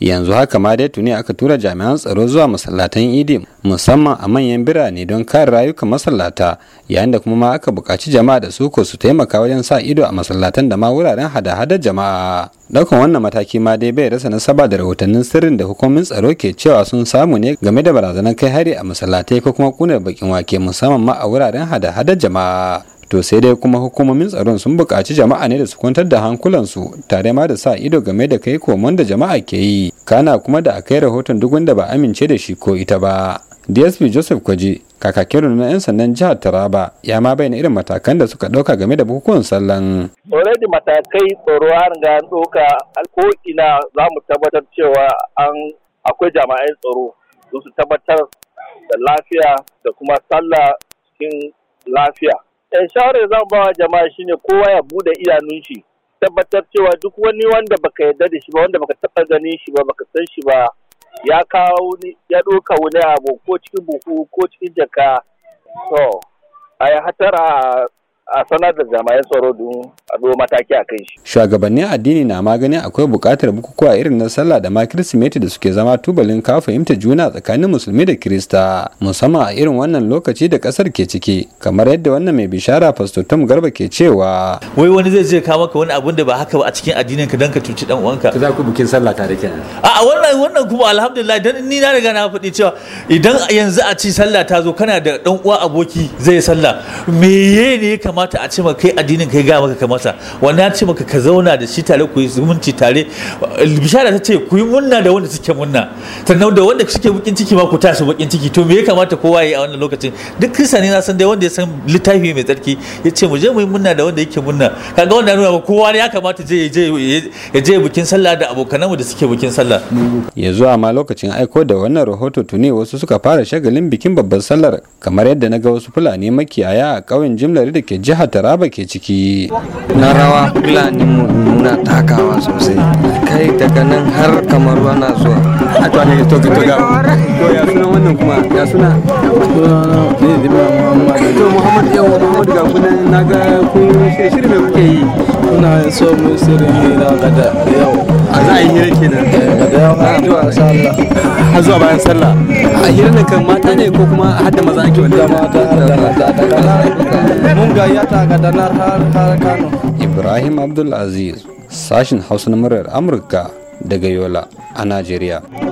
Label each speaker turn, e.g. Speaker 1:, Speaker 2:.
Speaker 1: yanzu haka ma dai tuni aka tura jami'an tsaro zuwa masallatan idi musamman a manyan birane don kare rayukan masallata yayin da kuma ma aka buƙaci jama'a da suko su taimaka wajen sa ido a masallatan da ma wuraren hada hada jama'a daukan wannan mataki ma dai bai rasa nasaba da rahotannin sirrin da hukumomin tsaro ke cewa sun samu ne game da barazanar kai hari a masallatai ko kuma kunar bakin wake musamman ma a wuraren hada hada jama'a to sai dai kuma hukumomin tsaron sun buƙaci jama'a ne da su kwantar da hankulansu tare ma da sa ido game da kai komon da jama'a ke yi kana kuma da akai rahoton duk wanda ba amince da shi ko ita ba dsp joseph kwaje kakakin runa 'yan sandan jihar taraba ya ma bayyana irin matakan da suka ɗauka game da bukukuwan sallan
Speaker 2: already matakai tsoro an ga ɗauka ko ina za mu tabbatar cewa an akwai jama'an tsaro su tabbatar da lafiya da kuma sallah cikin lafiya Eh, shawarar zan bawa jama'a shine kowa ya bude idanun shi tabbatar cewa duk wani wanda baka yarda da shi ba wanda baka taba ganin shi ba baka san shi ba ya kawo ya doka wani abu ko cikin buhu ko cikin jaka to a hatara a sanar da jami'an tsaro don a zo mataki a kai shi.
Speaker 1: Shugabannin addini na maganin akwai bukatar bukukuwa irin na sallah da ma kirsimeti da suke zama tubalin ka fahimta juna tsakanin musulmi da kirista musamman a irin wannan lokaci da ƙasar ke ciki kamar yadda wannan mai bishara pastor Tom Garba ke cewa.
Speaker 3: Wai wani zai je ka maka wani abun da ba haka ba a cikin addinin ka dan ka cuci dan uwanka. Ka za ku bukin sallah tare kenan. A wannan wannan kuma alhamdulillah dan ni na riga na faɗi cewa idan yanzu a ci sallah ta zo kana da dan uwa aboki zai sallah meye ne kamar kamata a ce maka kai addinin kai ga maka kamata wannan ya ce maka ka zauna da shi tare ku yi zumunci tare bishara ta ce ku yi munna da wanda suke munna sannan da wanda suke bukin ciki ma ku tashi bukin ciki to me ya kamata kowa ya yi a wannan lokacin duk kirista ne na san dai wanda ya san littafi mai tsarki ya ce mu je mu yi munna da wanda yake munna kaga wannan nuna ba kowa ya kamata je ya je bikin sallah da mu da suke bikin sallah
Speaker 1: yanzu amma lokacin aiko da wannan rahoto tuni wasu suka fara shagalin bikin babban sallar kamar yadda na ga wasu fulani makiyaya a ƙauyen jimlari da ke jihar taraba ke ciki na rawa fulani muna takawa sosai kai daga nan har kamar wana zuwa a tuwa ne to ga to ya suna wannan kuma ya suna
Speaker 3: ne
Speaker 1: zima muhammadu to muhammadu yawa muhammadu ga kunan na ga kun shirin me kuke yi kuna so mu shirin hira ga da yau a za a yi hira kenan da yau har zuwa sallah har zuwa bayan sallah a hira nan kan mata ne ko kuma har da maza ake wanda mata har da mata gayyata ga danar har Kano. Ibrahim Abdul Aziz, sashin Hausa na muryar Amurka daga Yola a Najeriya.